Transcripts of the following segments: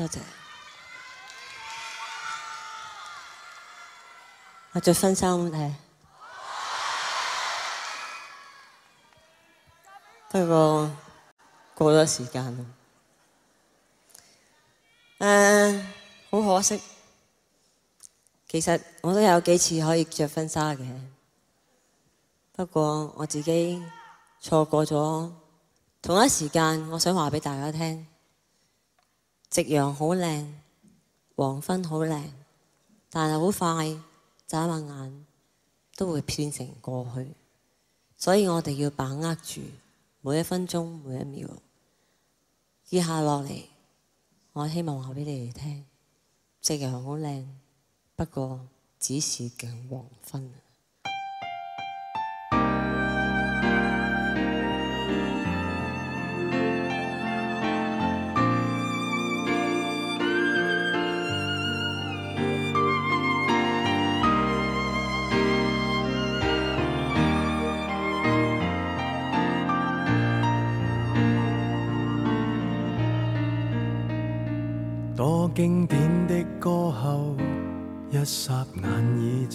多謝，我着婚紗咧，不過過咗時間啦。誒，好可惜，其實我都有幾次可以着婚紗嘅，不過我自己錯過咗同一時間。我想話俾大家聽。夕陽好靚，黃昏好靚，但係好快眨下眼都會變成過去，所以我哋要把握住每一分鐘，每一秒。接下落嚟，我希望話畀你哋聽：夕陽好靚，不過只是近黃昏。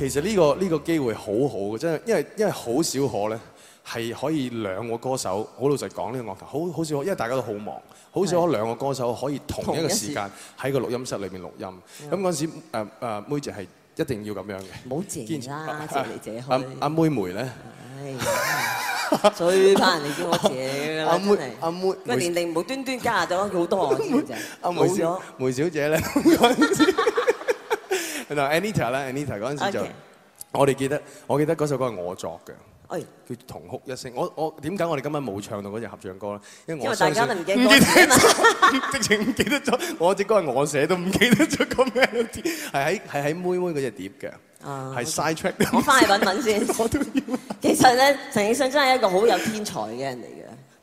其實呢個呢個機會好好嘅，真係因為因為好少可咧，係可以兩個歌手好老實講呢個樂壇，好好少可，因為大家都好忙，好少可兩個歌手可以同一個時間喺個錄音室裏邊錄音。咁嗰陣時，誒誒，妹姐係一定要咁樣嘅，堅持啦，阿姐開。阿阿妹梅咧，唉，最怕人哋叫我姐啦，阿妹，阿妹，佢年齡無端端加咗好多，阿梅姐，阿梅小姐咧。Anita 咧，Anita 嗰陣時就，我哋記得，我記得嗰首歌係我作嘅，叫同哭一聲。我我點解我哋今晚冇唱到嗰隻合唱歌咧？因為我，因為大家都唔記得咗，直情唔記得咗。我隻歌係我寫都唔記得咗個名都，係喺係喺妹妹嗰隻碟嘅，係 Side Track。我翻去揾揾先，我都要。其實咧，陳奕迅真係一個好有天才嘅人嚟嘅。